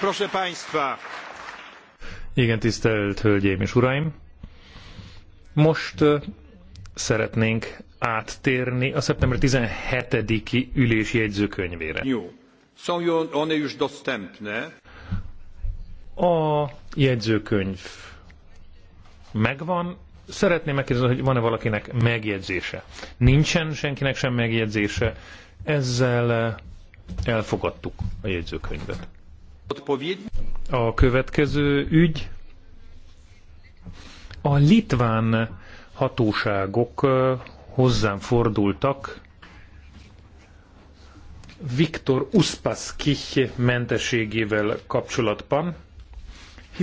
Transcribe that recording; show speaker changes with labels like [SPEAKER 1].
[SPEAKER 1] Proszę Państwa!
[SPEAKER 2] Igen, tisztelt Hölgyeim és Uraim! Most szeretnénk áttérni a szeptember 17-i ülési jegyzőkönyvére. Są
[SPEAKER 1] one już dostępne.
[SPEAKER 2] A jegyzőkönyv megvan. Szeretném megkérdezni, hogy van-e valakinek megjegyzése. Nincsen senkinek sem megjegyzése. Ezzel elfogadtuk a jegyzőkönyvet. A következő ügy a litván hatóságok hozzám fordultak Viktor Uspaskich mentességével kapcsolatban.